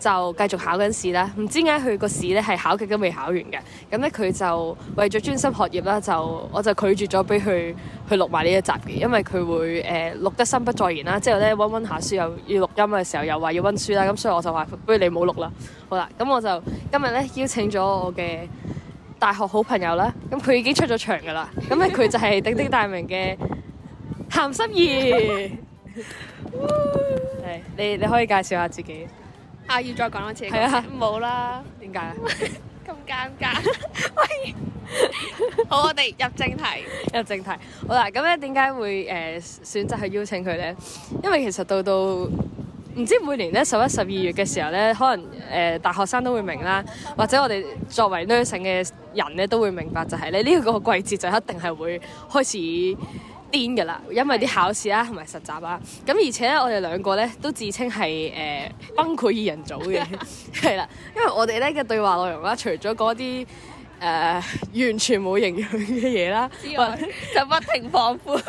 就繼續考緊試啦，唔知點解佢個試咧係考極都未考完嘅，咁咧佢就為咗專心學業啦，就我就拒絕咗俾佢去錄埋呢一集嘅，因為佢會誒、呃、錄得心不在焉啦，之後咧温温下書又要錄音嘅時候又話要温書啦，咁所以我就話不如你冇錄啦，好啦，咁我就今日咧邀請咗我嘅大學好朋友啦，咁佢已經出咗場噶啦，咁咧佢就係鼎鼎大名嘅咸濕儀，係，你你可以介紹下自己。啊！要再講多次，冇的啦。點解咁尷尬？喂， 好，我哋入正題。 入正題。好啦，咁咧點解會誒、呃、選擇去邀請佢咧？因為其實到到唔知每年咧十一、十二月嘅時候咧，可能誒、呃、大學生都會明啦， 或者我哋作為 nursing 嘅人咧都會明白就，就係你呢個季節就一定係會開始癲噶啦，因為啲考試啦、啊，同埋實習啦、啊，咁而且咧，我哋兩個咧都自稱係誒崩潰二人組嘅，係啦， 因為我哋咧嘅對話內容,、啊呃、容啦，除咗講啲誒完全冇營養嘅嘢啦，之外，就不停放負，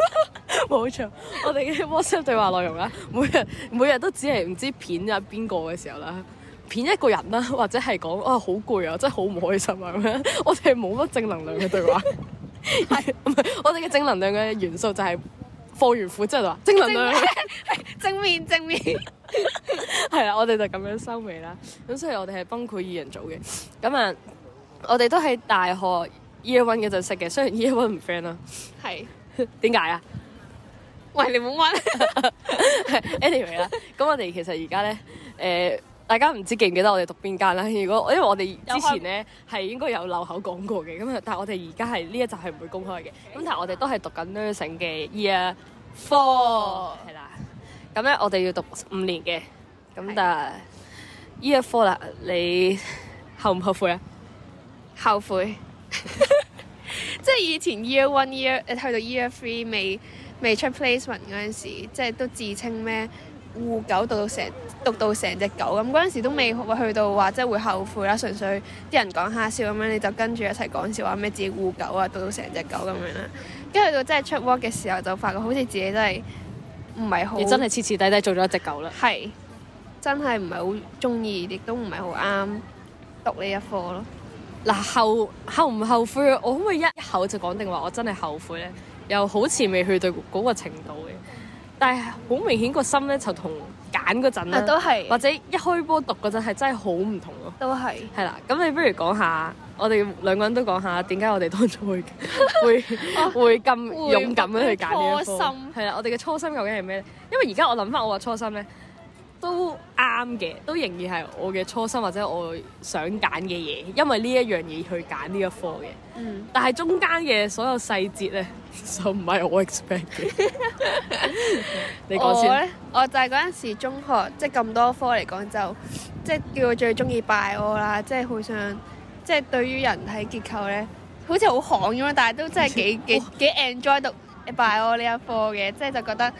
冇錯， 我哋嘅 WhatsApp 對話內容啦、啊，每日每日都只係唔知片啊邊個嘅時候啦，片一個人啦、啊，或者係講啊好攰啊，真係好唔開心啊， 我哋冇乜正能量嘅對話。 係唔係？我哋嘅正能量嘅元素就係放完負之後就話，是，正能量正面 正。正面正面係啊，我哋就咁樣收尾啦。咁所以我哋係崩潰二人組嘅。咁啊，我哋都喺大學 year one 嗰陣識嘅。雖然 year one 唔 friend 啦是，係點解啊？喂，你唔好問。 anyway 啦，咁我哋其實而家咧，誒、呃。大家唔知記唔記得我哋讀邊間啦？如果因為我哋之前咧係開應該有漏口講過嘅，咁但係我哋而家係呢一集係唔會公開嘅。咁但係我哋都係讀緊 nursing 嘅 year four 係啦。咁咧我哋要讀五年嘅，咁的但係 year four 啦，你 後唔後悔啊？後悔，即係以前 year one year 誒去到 year three 未未出 placement 嗰陣時，即係都自稱咩護狗讀到成。讀到成隻狗咁，嗰陣時都未去到話，即係會後悔啦。純粹啲人講下笑咁樣，你就跟住一齊講笑，話咩自己護狗啊，讀到成隻狗咁樣啦。跟住到真係出 work 嘅時候，就發覺好似自己是是真係唔係好，真係徹徹底底做咗一隻狗啦。係真係唔係好中意，亦都唔係好啱讀呢一科咯。嗱後後唔後悔？我可唔可以一口就講定話我真係後悔咧？又好似未去到嗰個程度嘅，但係好明顯個心咧就同。揀嗰陣咧，是或者一開波讀嗰陣係真係好唔同咯，都係是。係啦，咁你不如講下，我哋兩個人都講下點解我哋當初會 會會咁 勇敢咧去揀呢科。係啦，我哋嘅初心究竟係咩咧？因為而家我諗翻我嘅初心咧。都啱嘅，都仍然係我嘅初心或者我想揀嘅嘢，因為呢一樣嘢去揀呢一科嘅。嗯。但係中間嘅所有細節咧，就唔係我 expect 嘅。你講先。我咧，我就係嗰陣時中學，即係咁多科嚟講就，即係叫我最中意 bio 啦，即係好想，即係對於人體結構咧，好似好 hot 咁啊，但係都真係幾幾幾 enjoy 讀 bio 呢一科嘅，即係就覺得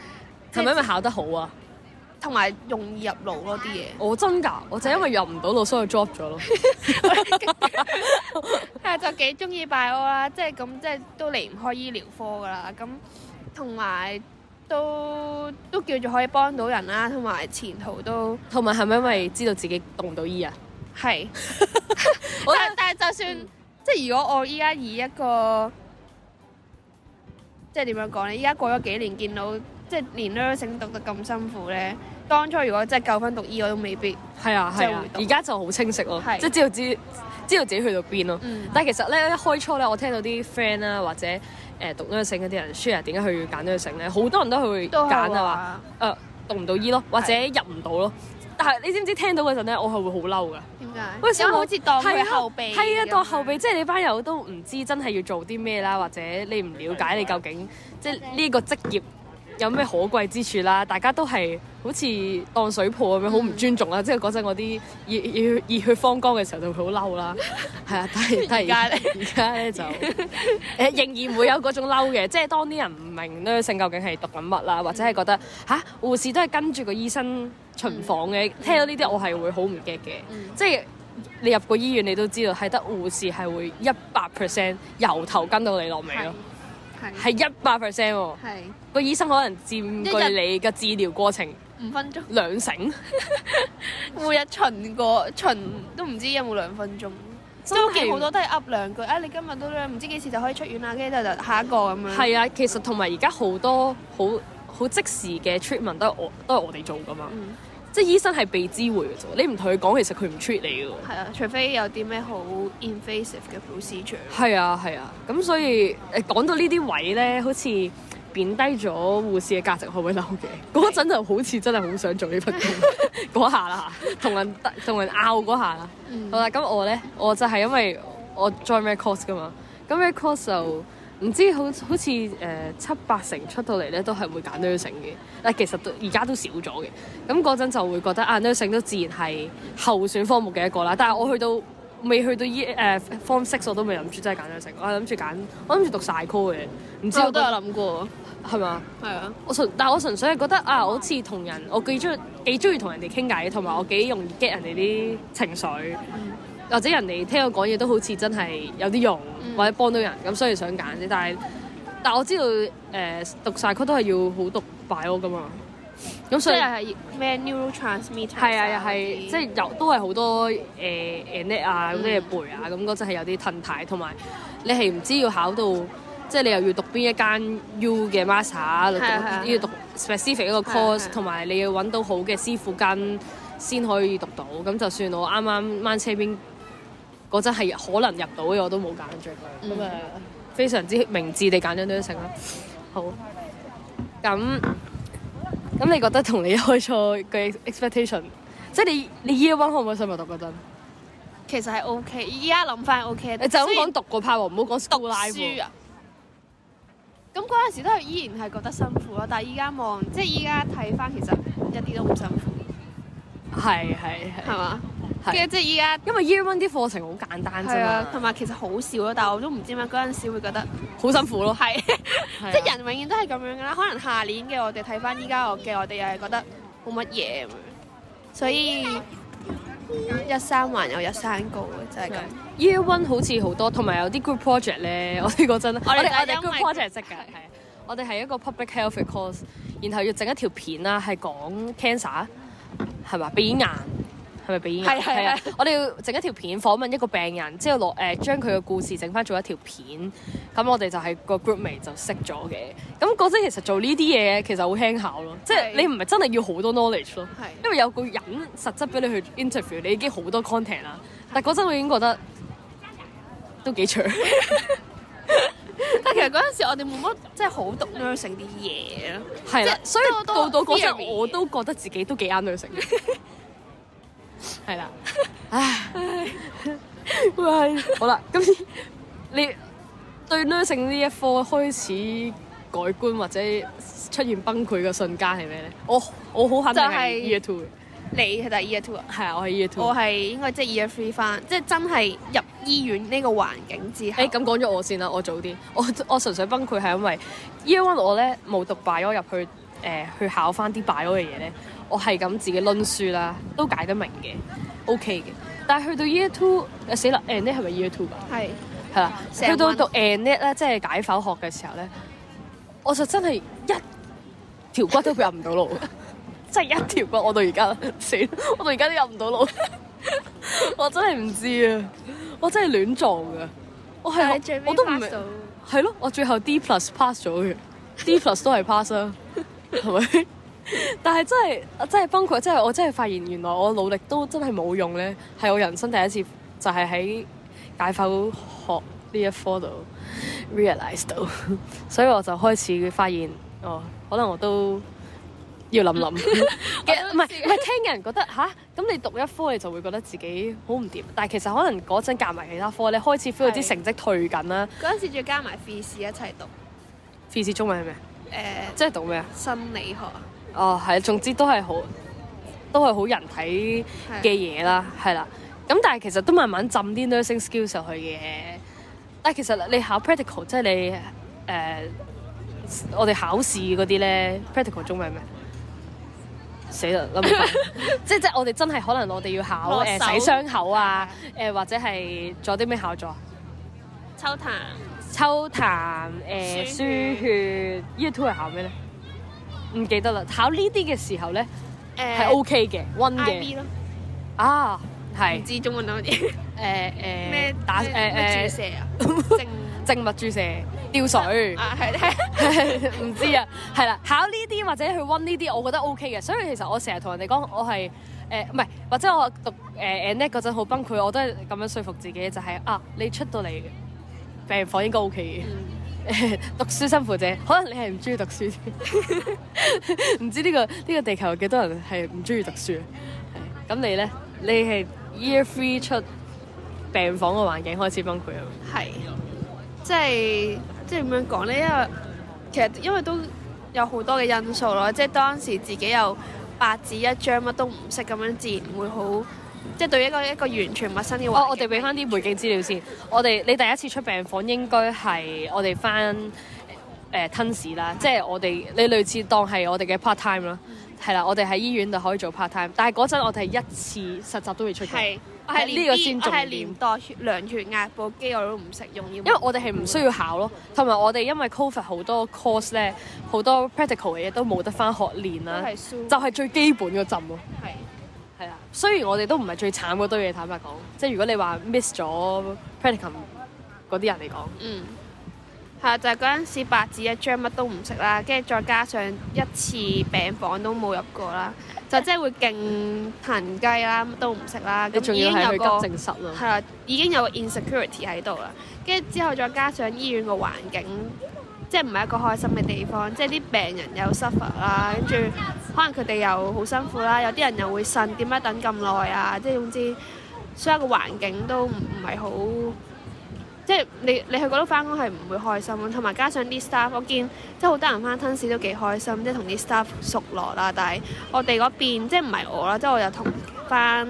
係咪因為考得好啊？同埋容易入路嗰啲嘢，我真噶，對 我就因為入唔到腦，對 所以 drop 咗咯。係就幾中意 bio 啦，即係咁，即係都離唔開醫療科噶啦。咁同埋都都叫做可以幫到人啦，同埋前途都。同埋係咪因為知道自己讀唔到醫啊？係。但但係就算即係如果我依家以一個即係點樣講咧？依家過咗幾年，見到。即係連 nursing 讀得咁辛苦咧，當初如果真係夠分讀醫，我都未必係。啊係啊，而家、啊、就好清晰咯，即係、啊、知道自知，知道自己去到邊咯。嗯、但係其實咧一開初咧，我聽到啲 friend 啦或者誒、呃、讀 nursing 嗰啲人 share 點解去揀 nursing 呢？好多人都去揀啊話，誒、呃、讀唔到醫咯，或者入唔到咯。啊、但係你知唔知聽到嗰陣咧，我係會我好嬲㗎？點解？好似當佢後備係啊，係啊，當後備，即係你班友都唔知真係要做啲咩啦，或者你唔了解你究竟、啊、即係呢個職業。有咩可貴之處啦？大家都係好似當水泡咁樣，好唔尊重啦！即係嗰陣嗰啲熱熱熱血方剛嘅時候就會好嬲啦，係啊！但係而家咧，而家咧就誒仍然會有嗰種嬲嘅，即係當啲人唔明呢性究竟係讀緊乜啦，或者係覺得吓，護士都係跟住個醫生巡房嘅，聽到呢啲我係會好唔驚嘅，即係你入過醫院你都知道係得護士係會一百 percent 由頭跟到你落尾咯。係一百 percent 喎，個的醫生可能佔據你嘅治療過程五分鐘兩成， 每日巡過巡都唔知有冇兩分鐘，周幾好多都係噏兩句啊！你今日都唔知幾時就可以出院啦，跟住就下一個咁樣。係啊，其實同埋而家好多好好即時嘅 treatment 都係我都係我哋做㗎嘛。嗯即係醫生係被知會嘅啫，你唔同佢講，其實佢唔 treat 你嘅。係啊，除非有啲咩好 invasive 嘅手術。係啊，係啊，咁所以誒講到呢啲位咧，好似貶低咗護士嘅價值，可唔可以諗嘅？嗰陣是就好似真係好想做呢份工嗰下啦，同人同人拗嗰下啦。嗯、好啦，咁我咧，我就係因為我 join 咩 course 噶嘛，咁咩 course 就。嗯唔知好好似誒、呃、七八成出到嚟咧，都係會揀 nursing 嘅。但其實都而家都少咗嘅。咁嗰陣就會覺得啊，nursing 都自然係候選科目嘅一個啦。但係我去到未去到依誒、呃、Form Six，我都未諗住真係揀 nursing。我諗住揀，我諗住讀晒 call 嘅。唔知我，、啊、我都有諗過，係嘛嗎？係啊。我純，但係我純粹係覺得啊，我好似同人，我幾中幾中意同人哋傾偈同埋我幾容易 get 人哋啲情緒。嗯或者人哋聽我講嘢都好似真係有啲用，嗯、或者幫到人，咁所以想揀啫。但係，但我知道誒、呃、讀晒科都係要好讀快咗噶嘛。咁所以咩 neurotransmitter 係啊，係、啊、像即係又都係好多誒 anat 啊嗰啲嘢背啊，咁嗰、嗯、真係有啲吞大。同埋你係唔知要考到，即、就、係、是、你又要讀邊一間 U 嘅 master，、啊、要讀 specific 一個 course，同埋、啊、你要揾到好嘅師傅跟先可以讀到。咁就，就算我啱啱掹車邊。嗰陣係可能入到嘅，我都冇揀著，咁誒、嗯嗯、非常之明智地揀咗張德勝啦。好，咁咁你覺得同你開錯嘅 expectation，即係你你 year one 可唔可以上文讀嗰陣？其實係 OK，依家諗翻 OK。你就咁講讀過派黃，唔好講撕拉書啊！咁嗰陣時都係依然係覺得辛苦咯，但係依家望即係依家睇翻，其實一啲都唔辛苦。係係係，係嘛？即係即依家，是因為 Year One 啲課程好簡單啫、啊，同埋其實好少咯。但係我都唔知點解嗰陣時會覺得好辛苦咯。係，即係人永遠都係咁樣㗎啦。可能下年嘅我哋睇翻依家我嘅，我哋又係覺得冇乜嘢咁樣。所以一山還有山高啊，就係咁。Year One 好似好多，同埋有啲 group project 咧。我哋講真，我哋我哋 group project 係識㗎，係我哋係一個 public health course，然後要整一條片啊，係講 cancer 係嘛，鼻咽癌。係係啊！是是我哋要整一條片，訪問一個病人，之後落誒將佢嘅故事整翻做一條片。咁我哋就係個 groupmate 就識咗嘅。咁嗰陣其實做呢啲嘢其實好輕巧咯，即係你唔係真係要好多 knowledge 咯。的因為有個人實質俾你去 interview，你已經好多 content 啦。但嗰陣我已經覺得都幾長 。但其實嗰陣時我哋冇乜即係好啱 nursing 啲嘢咯。係啦即、嗯嗯，所以到到嗰陣多我都覺得自己都幾啱 nursing。 係啦， 唉，喂，好啦，今次你對 nursing 呢一科開始改觀或者出現崩潰嘅瞬間係咩咧？我我好肯定係 year two，你係咪 year two 啊？係啊，我係 year two，我係應該即係 year three 翻，即係真係入醫院呢個環境之下。誒、欸，咁講咗我先啦，我早啲，我我純粹崩潰係因為 year one 我咧冇讀 bio 入去誒、呃，去考翻啲 bio 嘅嘢咧。我係咁自己論書啦，都解得明嘅，OK 嘅。但係去到 Year Two，死啦 Anat 係咪 Year Two 啊？係，係啦。去到讀 Anat 咧，即係解剖學嘅時候咧，我就真係一條骨都入唔到腦。 真係一條骨，我到而家死，我到而家都入唔到腦。我真係唔知啊！我真係亂撞噶。我係我都唔係，係咯， 我最後 D plus pass 咗嘅，D plus 都係 pass 啊，係咪？ 但係真係，我真係崩潰，真、就、係、是、我真係發現，原來我努力都真係冇用咧，係我人生第一次就係喺解剖學呢一科度 realize 到， 所以我就開始發現，哦，可能我都要諗諗，唔係唔係聽人覺得吓，咁、啊、你讀一科你就會覺得自己好唔掂，但係其實可能嗰陣夾埋其他科，你開始 feel 到啲成績退緊啦。嗰陣時仲要加埋 phys 一齊讀，phys 中文係咩？誒、uh,，即係讀咩啊？心理學啊。哦，係、oh,，總之都係好，都係好人體嘅嘢啦，係啦是的。咁但係其實都慢慢浸啲 nursing skills 上去嘅。但係其實你考 practical，即係你誒、呃，我哋考試嗰啲咧 practical 中文係咩？死啦！ 即，即即我哋真係可能我哋要考誒手、呃、洗傷口啊，誒、呃、或者係做啲咩考咗？抽痰、抽痰、誒、呃、輸血，year two 係考咩咧？唔記得啦，考呢啲嘅時候咧，係 OK 嘅，溫嘅。啊，係。唔知中文嗰啲。誒誒。咩打誒誒注射啊？靜靜脈注射。吊水。啊，係唔知啊，係啦，考呢啲或者去溫呢啲，我覺得 OK 嘅。所以其實我成日同人哋講，我係誒唔係，或者我讀誒 Annette 嗰陣好崩潰，我都係咁樣說服自己，就係啊，你出到嚟，病房應該 OK。誒 讀書辛苦啫，可能你係唔中意讀書，唔 知呢個呢個地球幾多人係唔中意讀書？咁 你咧，你係 year three 出病房嘅環境開始崩潰啊！係，即係即係點樣講咧？因為其實因為都有好多嘅因素咯，即係當時自己有白紙一張，乜都唔識，咁樣自然會好。即係對一個一個完全陌生嘅話，哦，我哋俾翻啲背景資料先。我哋你第一次出病房應該係我哋翻誒吞屎啦，即係我哋你類似當係我哋嘅 part time 啦，係啦，我哋喺醫院就可以做 part time。但係嗰陣我哋一次實習都未出現。係，呢個先係我係連代量血壓部機我都唔識用。因為我哋係唔需要考咯，同埋我哋因為 COVID 好多 course 咧，好多 practical 嘅嘢都冇得翻學練啦，就係最基本嘅浸咯。係。雖然我哋都唔係最慘嗰堆嘢，坦白講，即係如果你話 miss 咗 practicum 嗰啲人嚟講，嗯，係啊，就係嗰陣時白紙一張，乜都唔識啦，跟住再加上一次病房都冇入過啦，就即係會勁騰雞啦，乜都唔識啦。你仲要係去急症室咯？係啊，已經有個 insecurity 喺度啦，跟住之後再加上醫院個環境。即係唔係一個開心嘅地方，即係啲病人有 suffer 啦，跟住可能佢哋又好辛苦啦，有啲人又會呻點解等咁耐啊！即係總之，所有嘅環境都唔唔係好，即係你你去嗰度翻工係唔會開心，同埋加上啲 staff，我見即係好多人翻 tennis 都幾開心，即係同啲 staff 熟絡啦。但係我哋嗰邊即係唔係我啦，即係我又同翻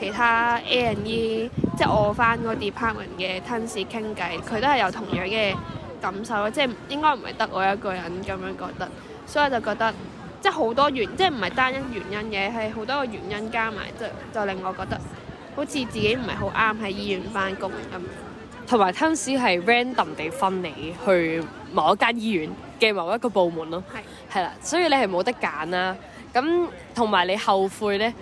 其他 A&E，即係我翻個 department 嘅 tennis 傾偈，佢都係有同樣嘅感受，即係應該唔係得我一個人咁樣覺得，所以我就覺得即係好多原因，即係唔係單一原因嘅，係好多個原因加埋即就，就令我覺得好似自己唔係好啱喺醫院翻工咁。同埋，有陣時係 random 地分你去某一間醫院嘅某一個部門咯，係啦是，所以你係冇得揀啦。咁同埋你後悔呢。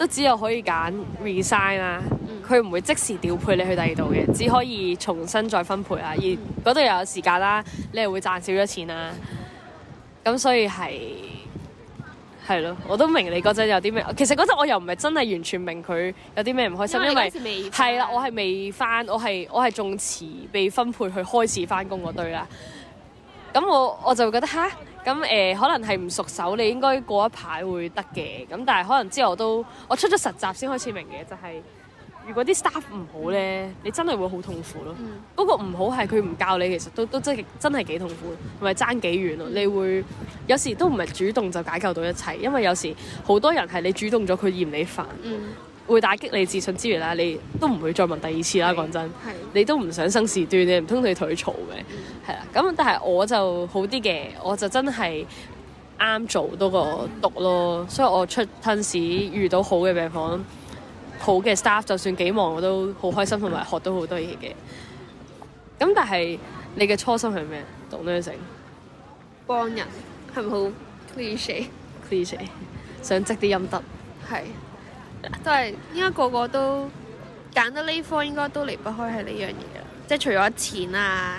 都只有可以揀 resign 啦，佢唔會即時調配你去第二度嘅，只可以重新再分配啦。而嗰度又有時間啦，你又會賺少咗錢啦。咁所以係係咯，我都明你嗰陣有啲咩。其實嗰陣我又唔係真係完全明佢有啲咩唔開心，因為係啦，我係未返，我係我係仲遲被分配去開始返工嗰堆啦。咁我我就覺得吓！」咁誒、呃，可能係唔熟手，你應該過一排會得嘅。咁但係可能之後都，我出咗實習先開始明嘅就係、是，如果啲 staff 唔好呢，嗯、你真係會好痛苦咯。嗯、不過唔好係佢唔教你，其實都都真真係幾痛苦，同埋爭幾遠咯。嗯、你會有時都唔係主動就解救到一切，因為有時好多人係你主動咗，佢嫌你煩。嗯會打擊你自信之餘啦，你都唔會再問第二次啦。講真，你都唔想生事端，你唔通你同佢嘈嘅？係啦、嗯，咁但係我就好啲嘅，我就真係啱做多個讀咯。嗯、所以我出陣時遇到好嘅病房，好嘅 staff，就算幾忙，我都好開心，同埋學到好多嘢嘅。咁、嗯、但係你嘅初心係咩？董女士，幫人係咪好 cliche？cliche 想積啲陰德係。都係，應該個個都揀得呢科，應該都離不開係呢樣嘢啦。即係除咗錢啊、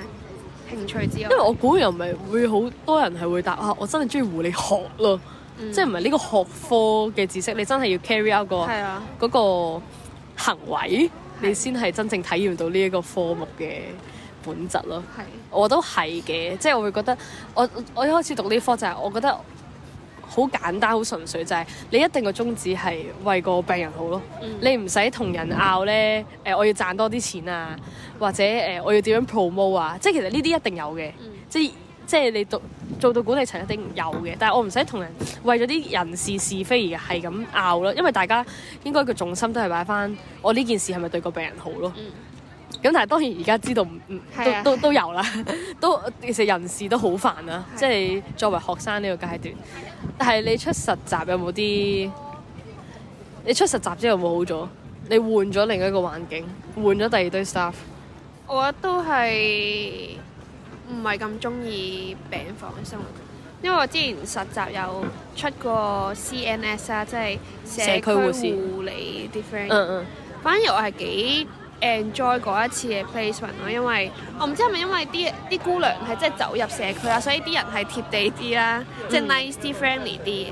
興趣之外，因為我估又唔係會好多人係會答、嗯、啊，我真係中意護理學咯。嗯、即係唔係呢個學科嘅知識，你真係要 carry out 嗰、嗰個嗰、啊、個行為，啊、你先係真正體驗到呢一個科目嘅本質咯。啊、我都係嘅，即係我會覺得我我一開始讀呢科就係我覺得。好簡單，好純粹就係你一定個宗旨係為個病人好咯。嗯、你唔使同人拗咧，誒、呃，我要賺多啲錢啊，或者誒、呃，我要點樣 promote 啊，即係其實呢啲一定有嘅、嗯，即係即係你到做到管理層一定有嘅。但係我唔使同人為咗啲人事是，是非而係咁拗咯，因為大家應該個重心都係擺翻我呢件事係咪對個病人好咯。嗯。咁但係當然而家知道唔唔都、啊、都都有啦，都其實人事都好煩啦，啊、即係作為學生呢個階段。但係你出實習有冇啲？你出實習之後有冇好咗？你換咗另一個環境，換咗第二堆 staff。我覺得都係唔係咁中意病房嘅生活，因為我之前實習有出過 CNS 啊，即係社區護士，社區護理啲 friend。嗯嗯。反而我係幾 enjoy 嗰一次嘅 placement 咯，因為我唔知係咪因為啲啲姑娘係真係走入社區啊，所以啲人係貼地啲啦，即係 nice 啲、friendly 啲，嘅。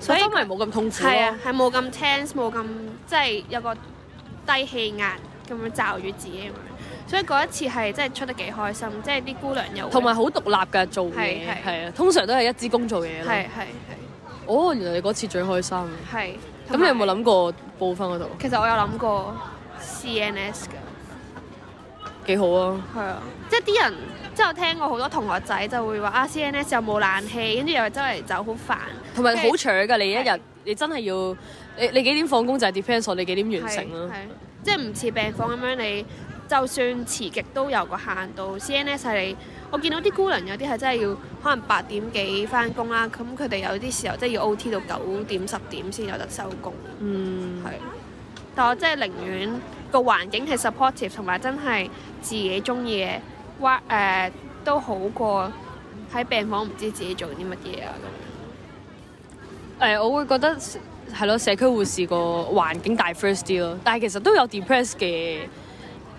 所以因為冇咁通知係啊，係冇咁 tense，冇咁即係有個低氣壓咁樣罩住自己咁樣，所以嗰一次係真係出得幾開心，即係啲姑娘又同埋好獨立㗎，做嘢係是是是 啊，通常都係一支公做嘢。係係係。哦，原來你嗰次最開心啊！係。咁你有冇諗過報分嗰度？其實我有諗過。CNS 嘅，CN 幾好啊！係啊，即係啲人，即係我聽過好多同學仔就會話啊，CNS 又冇冷氣，跟住又周圍走好煩。同埋好長噶，你一日你真係要，是你你幾點放工就係 depends on，你幾點完成咯，啊？即係唔似病房咁樣，你就算遲極都有個限度。 CNS 係你，我見到啲姑娘有啲係真係要，可能八點幾翻工，啦，咁佢哋有啲時候即係要 OT 到九點十點先有得收工。嗯，係。但我真係寧願個環境係 supportive，同埋真係自己中意嘅，屈、呃、誒都好過喺病房唔知自己做啲乜嘢啊咁樣。誒、欸，我會覺得係咯，社區護士個環境大 first 啲咯，但係其實都有 depressed 嘅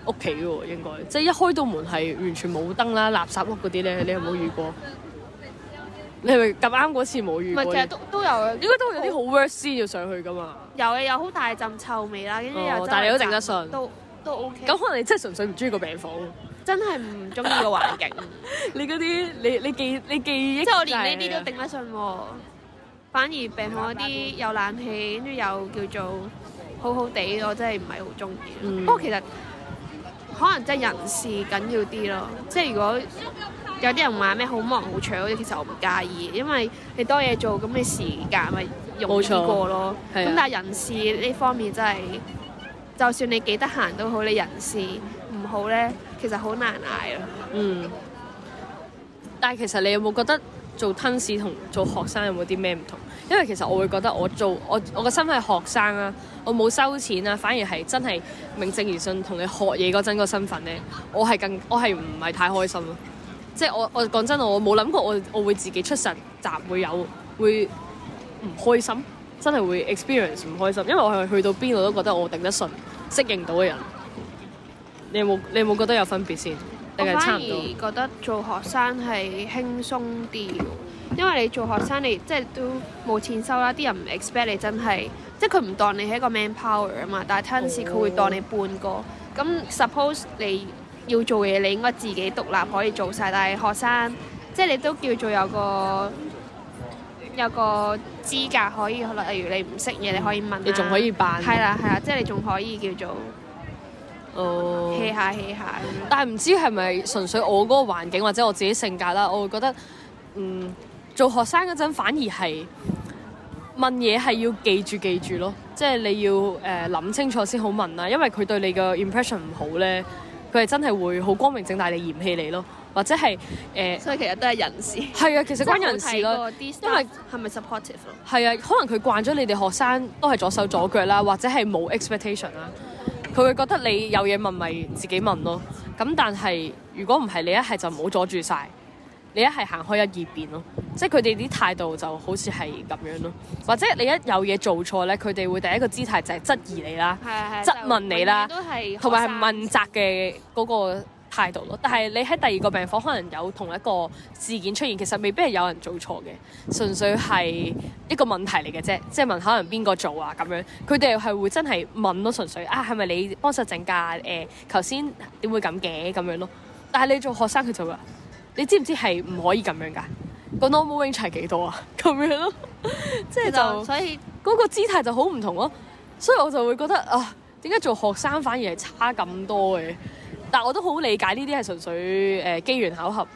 屋企喎，應該即係一開到門係完全冇燈啦，垃圾屋嗰啲咧，你有冇遇過？你係咪咁啱嗰次冇遇？唔係，其實都都有呀，應該都有啲好 worse 要上去噶嘛。有呀，有好大陣臭味啦，跟住又但係你都頂得順，都都 OK。咁可能你真係純粹唔中意個病房，真係唔中意個環境。你嗰啲你你記你記憶即係我連呢啲都頂得順喎，反而病房嗰啲有冷氣，跟住又叫做好好地，我真係唔係好中意。不過其實可能真係人事緊要啲咯，即係如果。有啲人話咩好忙好搶嗰啲，其實我唔介意，因為你多嘢做，咁你時間咪容易過咯。咁錯但係人事呢方面真係，嗯、就算你幾得閒都好，你人事唔好咧，其實好難捱咯。嗯。但係其實你有冇覺得做吞士同做學生有冇啲咩唔同？因為其實我會覺得我做我我個身份係學生啊，我冇收錢啊，反而係真係名正言順同你學嘢嗰陣個身份咧，我係更我係唔係太開心咯。即係我我講真，我冇諗過我我會自己出實習會有會唔開心，真係會 experience 唔開心，因為我係去到邊度都覺得我頂得順，適應到嘅人。你有冇你有冇覺得有分別先？差唔多？我反而覺得做學生係輕鬆啲，因為你做學生、啊、你即係都冇錢收啦，啲人唔 expect 你真係，即係佢唔當你係一個 manpower 啊嘛，但係聽次佢會當你半個，咁、oh. suppose 你。要做嘢，你應該自己獨立可以做晒。但係學生，即係你都叫做有個有個資格可以去咯。例如你唔識嘢，嗯、你可以問。你仲可以辦？係啦，係啦，即係你仲可以叫做 oh，hea 下 hea 下咁。但係唔知係咪純粹我嗰個環境或者我自己性格啦，我會覺得嗯做學生嗰陣反而係問嘢係要記住記住咯，即係你要誒、呃、諗清楚先好問啦、啊，因為佢對你嘅 impression 唔好咧。佢係真係會好光明正大地嫌棄你咯，或者係誒，呃、所以其實都係人事。係啊，其實關人事咯， 因為係咪 supportive 咯？係 啊，可能佢慣咗你哋學生都係左手左腳啦，或者係冇 expectation 啦，佢 Okay. 會覺得你有嘢問咪、就是、自己問咯。咁但係如果唔係，你一係就唔好阻住晒。你一係行開一二邊咯，即係佢哋啲態度就好似係咁樣咯，或者你一有嘢做錯咧，佢哋會第一個姿態就係質疑你啦，是是是質問你啦，同埋係問責嘅嗰個態度咯。但係你喺第二個病房可能有同一個事件出現，其實未必係有人做錯嘅，純粹係一個問題嚟嘅啫，即係問可能邊個做啊咁樣。佢哋係會真係問咯，純粹啊係咪你幫手整㗎，誒頭先點會咁嘅咁樣咯？但係你做學生佢就會。你知唔知係唔可以咁樣噶？個 normal range 係幾多啊？咁樣咯，即係就所以嗰個姿態就好唔同咯。所以我就會覺得啊，呃、點解做學生反而係差咁多嘅？但我都好理解呢啲係純粹誒、呃、機緣巧合、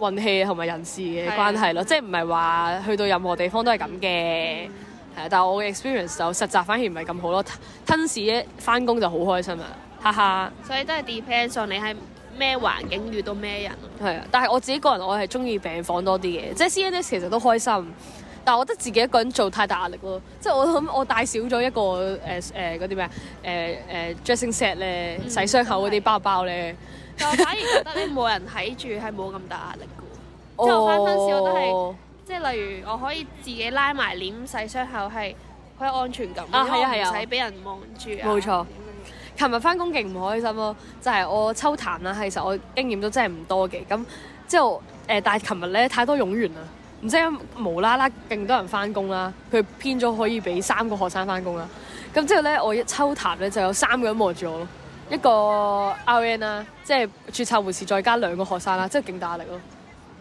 運氣同埋人事嘅關係咯。是即係唔係話去到任何地方都係咁嘅？係啊、嗯，嗯、但係我嘅 experience 就實習反而唔係咁好咯。吞屎翻工就好開心啦、啊！哈哈。所以都係 depends on 你係。咩環境遇到咩人，係啊、嗯！但係我自己個人，我係中意病房多啲嘅。 即係 CNS 其實都開心，但係我覺得自己一個人做太大壓力咯。即係我諗，我帶少咗一個誒誒嗰啲咩誒誒 dressing set 咧，洗傷口嗰啲包包咧。就反而覺得啲冇人睇住係冇咁大壓力嘅。即係我翻返去都係，即係例如我可以自己拉埋簾洗傷口，係好有安全感，因為唔使俾人望住啊。冇錯。琴日翻工勁唔開心咯，就係、是、我抽痰啦。其實我經驗都真係唔多嘅，咁之後誒、呃，但係琴日咧太多湧源啦，唔知無啦啦勁多人翻工啦，佢編咗可以俾三個學生翻工啦。咁之後咧我一抽痰咧就有三個人望住我咯，一個 R N 啦，即係註冊護士再加兩個學生啦，真係勁大壓力咯。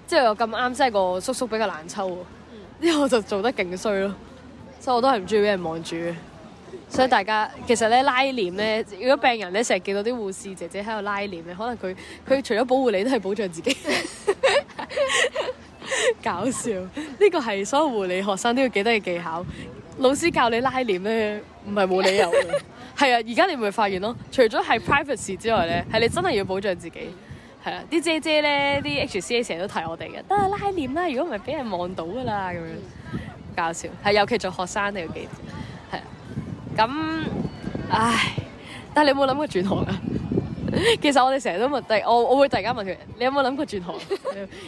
之後咁啱即係個叔叔比較難抽喎，之後我就做得勁衰咯，所以我都係唔中意俾人望住。所以大家其實咧拉簾咧，如果病人咧成日見到啲護士姐姐喺度拉簾咧，可能佢佢除咗保護你，都係保障自己。 搞笑，呢、呢個係所有護理學生都要記得嘅技巧。老師教你拉簾咧，唔係冇理由嘅。係 啊，而家你會發現咯，除咗係 privacy 之外咧，係你真係要保障自己。係啊，啲姐姐咧，啲 HCA 成日都提我哋嘅，得、啊、拉簾啦。如果唔係，俾人望到噶啦咁樣。搞笑，係、啊、尤其做學生都要記。咁，唉！但係你有冇諗過轉行啊？ 其實我哋成日都問第，我我會突然間問佢：你有冇諗過轉行？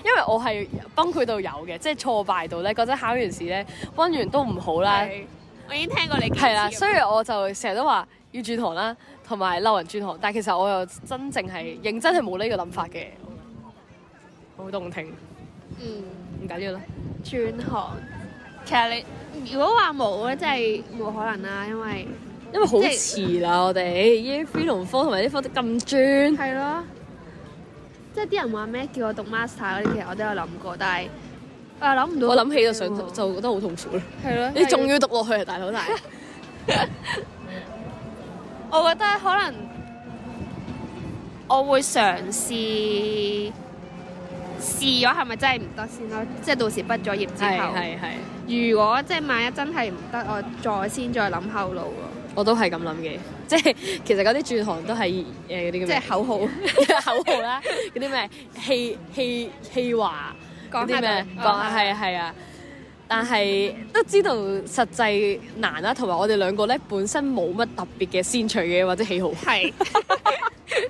因為我係崩潰到有嘅，即係挫敗到咧，覺得考完試咧，溫完都唔好啦。我已經聽過你係啦，所以我就成日都話要轉行啦，同埋嬲人轉行。但係其實我又真正係認真係冇呢個諗法嘅，好動聽。嗯，唔緊要啦，轉行。其實你如果話冇咧，真係冇可能啦，因為因為好遲啦，就是，我哋依啲科同埋啲科咁專，係咯，了即係啲人話咩叫我讀 master 嗰啲，其實我都有諗過，但係啊諗唔到，我諗起就想就覺得好痛苦咯，係咯了， 你仲要讀落去啊，大佬大。 我覺得可能我會嘗試試咗，係咪真係唔得先咯，即係到時畢咗業之後，係係。如果即係萬一真係唔得，我再先再諗後路咯。我都係咁諗嘅，即係其實嗰啲轉行都係誒啲咁。呃、即係口號， 口號啦，嗰啲咩氣氣氣話嗰啲咩講係係啊，但係都知道實際難啦、啊，同埋我哋兩個咧本身冇乜特別嘅擅長嘅或者喜好。係是。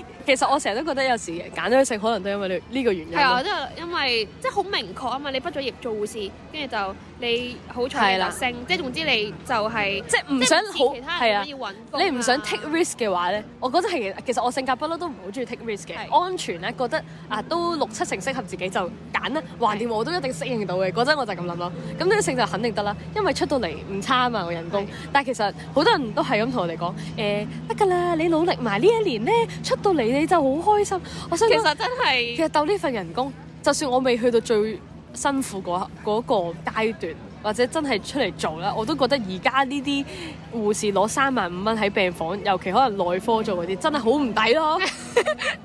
其實我成日都覺得有時揀咗性，可能都因為呢呢個原因。係啊，都因為即係好明確啊嘛！你畢咗業做護士，跟住就你好彩啦。是的 即係總之你就係、是、即係唔想好其他係啊！你唔想 take risk 嘅話咧，我覺得係其實我性格不嬲都唔好中意 take risk 嘅，是的 安全咧、啊、覺得啊都六七成適合自己就揀啦。橫掂我都一定適應到嘅，嗰陣是的 我就咁諗咯。咁、那、呢個性就肯定得啦，因為出到嚟唔差啊嘛，個人工。是的 但係其實好多人都係咁同我哋講誒，得㗎啦，你努力埋呢一年咧，出到嚟你就好開心，我想其實真係其實鬥呢份人工，就算我未去到最辛苦嗰嗰個階段，或者真係出嚟做啦，我都覺得而家呢啲護士攞三萬五蚊喺病房，尤其可能內科做嗰啲，真係好唔抵咯。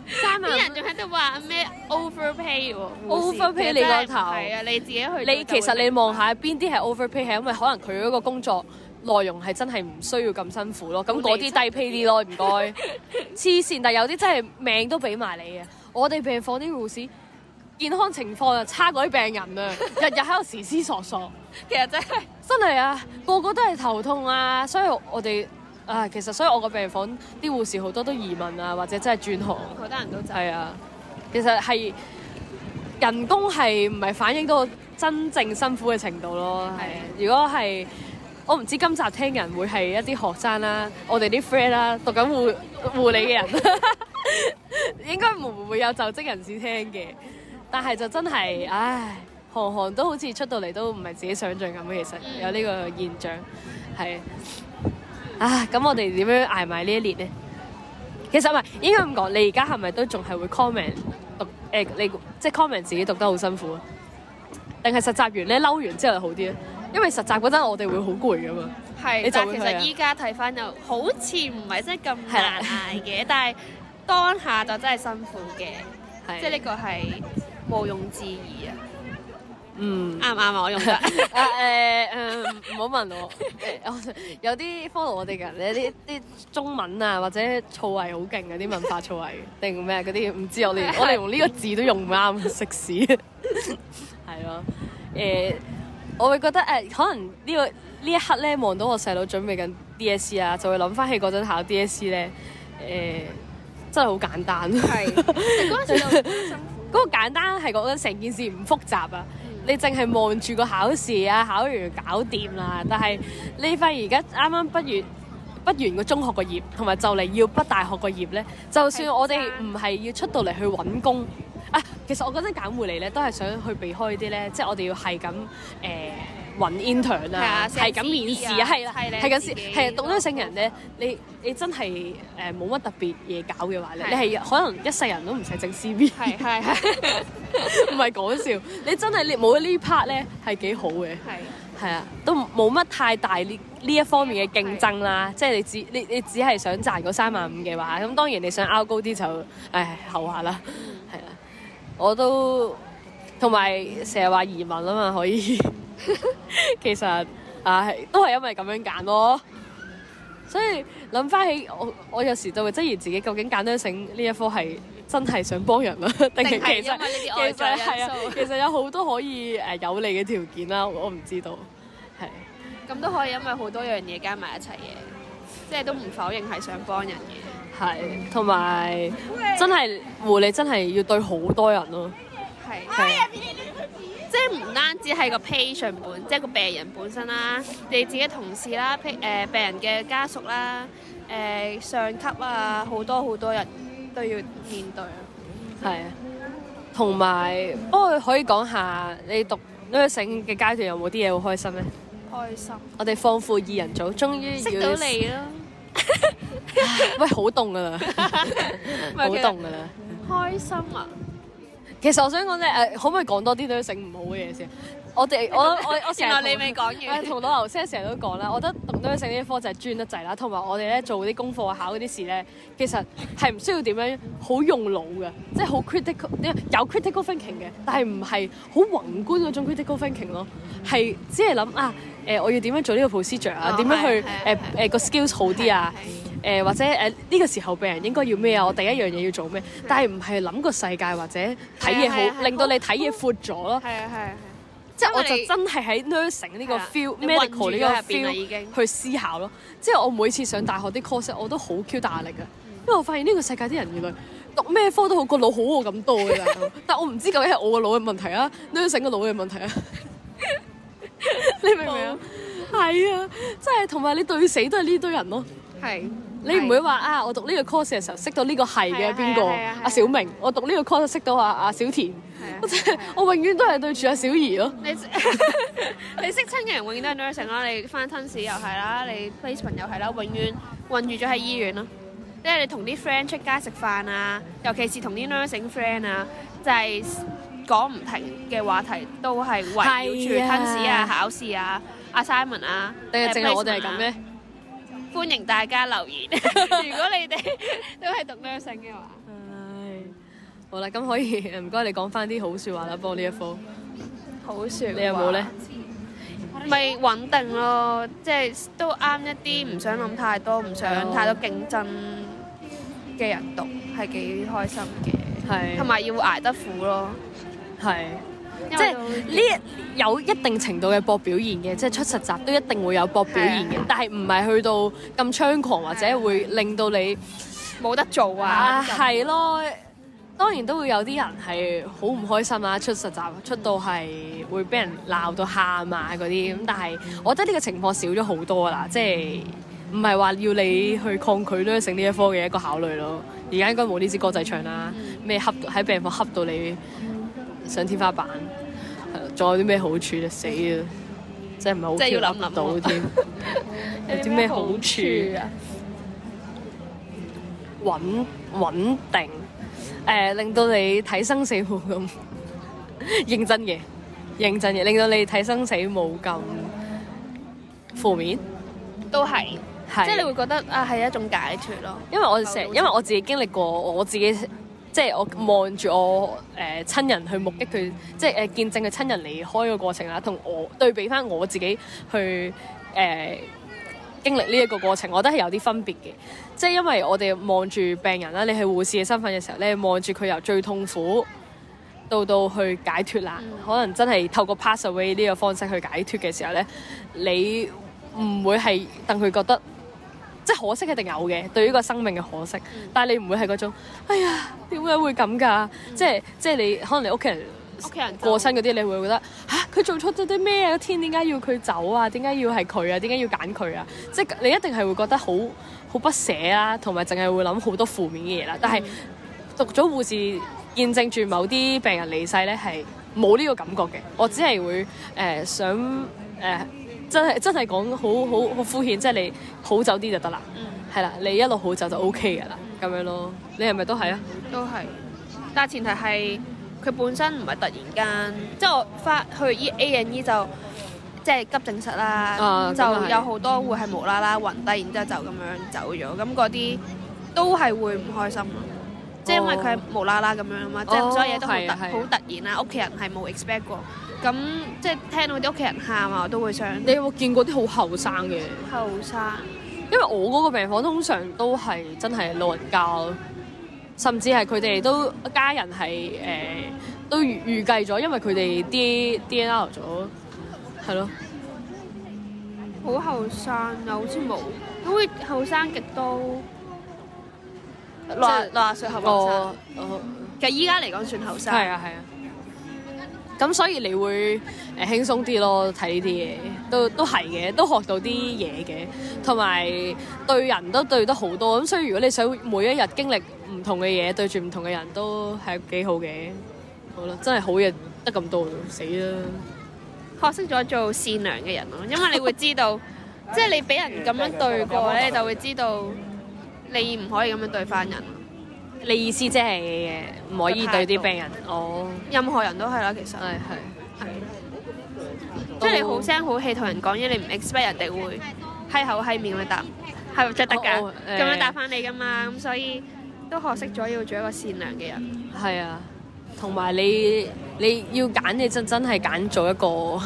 三萬啲 人仲喺度話咩 overpay 喎？overpay 你個頭！係啊，不不啊你自己去。你其實你望下邊啲係 overpay，係因為可能佢嗰個工作。內容係真係唔需要咁辛苦咯，咁嗰啲低 pay 啲咯，唔該黐線，但有啲真係命都俾埋你嘅。我哋病房啲護士健康情況就差過啲病人啊，日日喺度思思索索。 其實真係真係啊，個個都係頭痛啊，所以我哋啊，其實所以我個病房啲護士好多都移民啊，或者真係轉行。好多人都係啊，其實係人工係唔係反映到真正辛苦嘅程度咯？係呀，如果係。我唔知今集聽人會係一啲學生啦、啊，我哋啲 friend 啦，讀緊護護理嘅人， 應該唔會有就職人士聽嘅。但係就真係，唉，行行都好似出到嚟都唔係自己想象咁嘅。其實有呢個現象係啊。唉，咁我哋點樣捱埋呢一年呢？其實唔係應該咁講，你而家係咪都仲係會 comment 讀誒、呃？你即 comment 自己讀得好辛苦啊？定係實習完咧嬲完之後就好啲啊？因為實習嗰陣我哋會好攰噶嘛，係，但係其實依家睇翻又好似唔係真係咁難捱嘅，但係當下就真係辛苦嘅，係，即係呢個係毋庸置疑啊。嗯，啱唔啱啊？我用得唔好問我。有啲 follow 我哋嘅，你啲啲中文啊，或者造詣好勁嘅啲文化造詣定咩嗰啲，唔知我哋我哋用呢個字都用唔啱，食屎。係咯，誒。我會覺得誒、呃，可能呢、這個呢一刻咧，望到我細佬準備緊 D S C 啊，就會諗翻起嗰陣考 D、呃、S C 咧、mm，誒、hmm. 真係好簡單。係、mm，嗰陣就辛苦。嗰 個簡單係覺得成件事唔複雜啊，mm hmm. 你淨係望住個考試啊，考完搞掂啦。但係你發現而家啱啱畢業，畢完，完個中學個業，同埋就嚟要畢大學個業咧，就算我哋唔係要出到嚟去揾工。嗯啊，其實我嗰陣揀回嚟咧，都係想去避開啲咧，即係我哋要係咁誒揾 intern 啊，係咁面試啊，係啦，係咁試。係啊，獨身性人咧，你你真係誒冇乜特別嘢搞嘅話咧，你係可能一世人都唔使整 CV 係係係，唔係講笑。你真係你冇呢 part 咧，係幾好嘅係係啊，都冇乜太大呢呢一方面嘅競爭啦。即係你只你你只係想賺嗰三萬五嘅話，咁當然你想 out 高啲就唉後下啦。我都同埋成日話移民啊嘛，可以 其實啊都係因為咁樣揀咯。所以諗返起我，我有時就會質疑自己究竟揀得醒呢一科係真係想幫人啊，定係 其實其實係啊，其實有好多可以誒、呃、有利嘅條件啦、啊，我唔知道係，咁都可以因為好多樣嘢加埋一齊嘅，即係都唔否認係想幫人嘅。係，同埋真係護理真係要對好多人咯、啊。係的，即係唔單止係個 patient 本，即、就、係、是、個病人本身啦，你自己同事啦，誒病人嘅家屬啦，誒、呃、上級啊，好多好多人都要面對。係啊，同埋哦，嗯、可以講下你讀 nursing 嘅階段有冇啲嘢好開心咧？開心！我哋放負二人組，終於識到你啦！ 喂， 好凍㗎喇，好凍㗎喇。開心啊！其實我想講咧，誒、呃，可唔可以講多啲啲食唔好嘅嘢先？ 我哋我 我我成日你未講完，同老劉 Sir 成日都講啦，我覺得讀 Nursing 呢啲科就係專得滯啦。同埋我哋咧做啲功課考嗰啲事咧，其實係唔需要點樣好用腦嘅，即係好 critical 有 critical thinking 嘅，但係唔係好宏觀嗰種 critical thinking 咯，係只係諗啊誒、呃，我要點樣做呢個 procedure 啊？點、oh、樣去誒誒個 skills 好啲啊？誒、yes yes yes. 呃、或者誒呢、呃這個時候病人應該要咩啊？我第一樣嘢要做咩？但係唔係諗個世界或者睇嘢好，yes yes yes, 令到你睇嘢闊咗咯。係啊係即係我就真係喺 nursing 呢個 feel，medical 呢個 feel 入去思考咯。即係我每次上大學啲 course 我都好 Q 大壓力嘅，因為我發現呢個世界啲人原來讀咩科都好個腦好我咁多嘅，但我唔知究竟係我個腦嘅問題啊，nursing 個腦嘅問題啊，你明唔明啊？係啊，即係同埋你對死都係呢堆人咯。係，你唔會話啊，我讀呢個 course 嘅時候識到呢個係嘅邊個阿小明，我讀呢個 course 識到啊啊小田。我的我永遠都係對住阿小儀咯。你你識親嘅人永遠都係 nursing 啦，你翻 class 又係啦，你 placement 又係啦，永遠困住咗喺醫院咯。即係你同啲 friend 出街食飯啊，尤其是同啲 nursing friend 啊，就係講唔停嘅話題都係圍繞住 class 的啊、考試啊、assignment 啊。定係淨係我哋係咁咩？歡迎大家留言！ 如果你哋都係讀 nursing 嘅話。好啦，咁可以唔該你講翻啲好説話啦，幫呢一科。好説話。你有冇咧？咪穩定咯，即係都啱一啲唔想諗太多、唔想太多競爭嘅人讀，係幾開心嘅。係。同埋要捱得苦咯。係。即係呢有一定程度嘅搏表現嘅，即係出實習都一定會有搏表現嘅，但係唔係去到咁猖狂或者會令到你冇得做啊？係咯。當然都會有啲人係好唔開心啦，啊，出實習出到係會俾人鬧到喊啊嗰啲咁，但係我覺得呢個情況少咗好多啦，即係唔係話要你去抗拒呢，成呢一科嘅一個考慮咯。而家應該冇呢支歌仔唱啦，咩恰喺病房恰到你上天花板，仲有啲咩好處啊？死啊！是是即係唔係好即係要諗諗到啲， 有啲咩好處啊？穩穩定，誒、呃、令到你睇生死冇咁 認真嘅，認真嘅令到你睇生死冇咁負面，都係是，是即係你會覺得啊係一種解脫咯。因為我成日，因為我自己經歷過，我自己即係我望住我誒、呃、親人去目擊佢，即係誒、呃、見證佢親人離開嘅過程啦。同我對比翻我自己去誒。呃經歷呢一個過程，我覺得係有啲分別嘅，即係因為我哋望住病人啦，你係護士嘅身份嘅時候咧，望住佢由最痛苦到到去解脫啦，嗯、可能真係透過 pass away 呢個方式去解脫嘅時候咧，你唔會係等佢覺得即係可惜嘅定有嘅，對於個生命嘅可惜，嗯、但係你唔會係嗰種哎呀點解會咁㗎、嗯，即係即係你可能你屋企人。屋企人過身嗰啲，你會覺得吓，佢、啊、做錯咗啲咩啊？天點解要佢走啊？點解要係佢啊？點解要揀佢啊？即係你一定係會覺得好好不捨啊，同埋淨係會諗好多負面嘅嘢啦。但係、嗯、讀咗護士，見證住某啲病人離世咧，係冇呢個感覺嘅。我只係會誒、呃、想誒、呃，真係真係講好好好敷衍，嗯、即係你好走啲就得啦。係啦、嗯，你一路好走就 OK 噶啦，咁樣咯。你係咪都係啊？都係，但係前提係。佢本身唔係突然間，即係我翻去醫 A and E 就即係急症室啦，啊、就有好多會係無啦啦暈，低、啊，嗯、然即係就咁樣走咗，咁嗰啲都係會唔開心、哦、即係因為佢無啦啦咁樣啊嘛，即係、哦、所有嘢都好突好、哦、突然啦，屋企人係冇 expect 過。咁即係聽到啲屋企人喊啊，我都會想。你有冇見過啲好後生嘅？後生、嗯。因為我嗰個病房通常都係真係老人家甚至係佢哋都一家人係誒都預預計咗，因為佢哋啲 DNR 咗係咯，好後生又好似冇，因為後生極多，六廿六廿歲係咪？哦，其實依家嚟講算後生係啊係啊。咁所以你會誒輕鬆啲咯，睇呢啲嘢都都係嘅，都學到啲嘢嘅，同埋對人都對得好多。咁所以如果你想每一日經歷。唔同嘅嘢對住唔同嘅人都係幾好嘅。好啦，真係好嘢，得咁多，死啦！學識咗做善良嘅人咯，因為你會知道，即係你俾人咁樣對過咧，就會知道你唔可以咁樣對翻人。你意思即係唔可以對啲病人哦，任何人都係啦，其實係係係，即係你好聲好氣同人講嘢，你唔 expect 人哋會閪口閪面去答，係咪真得噶？咁樣答翻你噶嘛，咁所以。都學識咗要做一個善良嘅人，係啊，同埋你你要揀你真真係揀做一個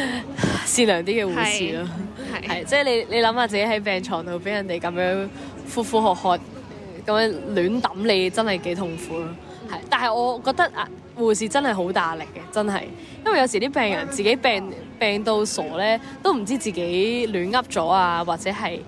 善良啲嘅護士咯，係即係你你諗下自己喺病床度俾人哋咁樣呼呼喝喝咁樣亂揼你，真係幾痛苦咯，係是。是但係我覺得啊，護士真係好大力嘅，真係，因為有時啲病人自己病病到傻咧，都唔知自己亂噏咗啊，或者係。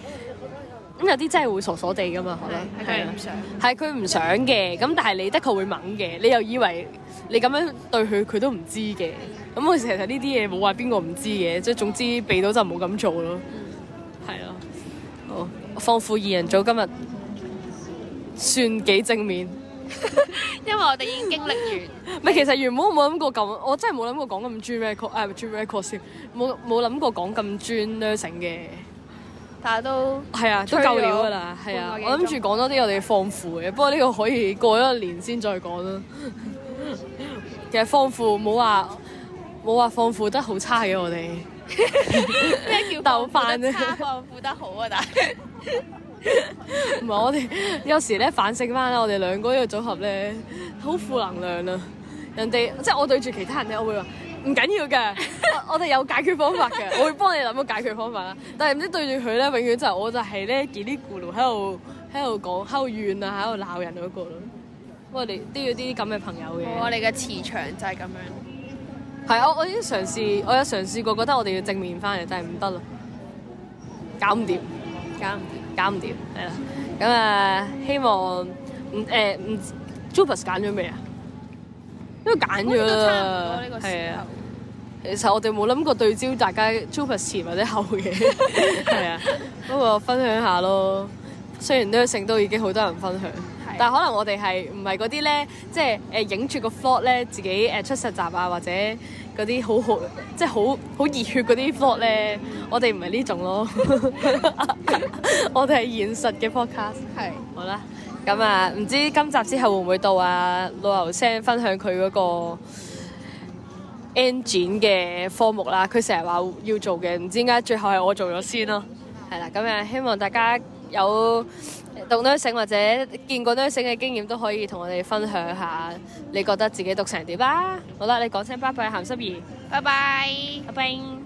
有啲真係會傻傻地噶嘛，可能係佢唔想，係佢唔想嘅。咁但係你的確會猛嘅，你又以為你咁樣對佢，佢都唔知嘅。咁其實呢啲嘢冇話邊個唔知嘅，即係總之避到就冇咁做咯。係咯、嗯，好，放負二人組今日算幾正面， 因為我哋已經經歷完。唔係， 其實原本冇諗過咁，我真係冇諗過講咁專咩誒，專咩先？冇冇諗過講咁專 Nursing 嘅。但係都係啊，都夠料㗎喇，係啊！我諗住講多啲我哋放負嘅，不過呢個可以過一個年先再講啦。 其實放負冇話冇話放負得好差嘅我哋，咩叫鬥翻啫？放負得好啊，但係唔係我哋有時咧反省翻啦，我哋兩個呢個組合咧好負能量啊！人哋即係我對住其他人咧我會話。唔緊要嘅，我哋有解決方法嘅，我會幫你諗個解決方法啦。但係唔知對住佢咧，永遠就係我就係咧，嘰哩咕嚕喺度，喺度講，喺度怨啊，喺度鬧人嗰個咯。不過我哋都要啲咁嘅朋友嘅。我哋嘅磁場就係咁樣。係啊，我我已經嘗試，我有嘗試過，覺得我哋要正面翻嚟，就係唔得啦，搞唔掂，搞唔掂，搞唔掂，係啦。咁啊、呃，希望唔誒唔，Jupas 揀咗未啊？嗯呃嗯都揀咗啦，係、這個、啊。其實我哋冇諗過對焦大家超拍前或者後嘅，係啊。不過分享下咯。雖然 Nursing 都已經好多人分享，啊、但係可能我哋係唔係嗰啲咧，即係誒影住個 vlog 咧，自己誒出實習啊，或者嗰啲好好即係好好熱血嗰啲 vlog 咧，我哋唔係呢種咯。我哋係現實嘅 podcast，啊。係。好啦。咁啊，唔、嗯、知今集之後會唔會到啊？老油聲分享佢嗰、那個 engine 嘅科目啦，佢成日話要做嘅，唔知點解最後係我做咗先咯。係啦，咁啊、嗯嗯，希望大家有讀 Nursing 或者見過 Nursing 嘅經驗都可以同我哋分享下，你覺得自己讀成點啦？好啦，你講聲拜拜，bye bye，咸濕儀，拜拜。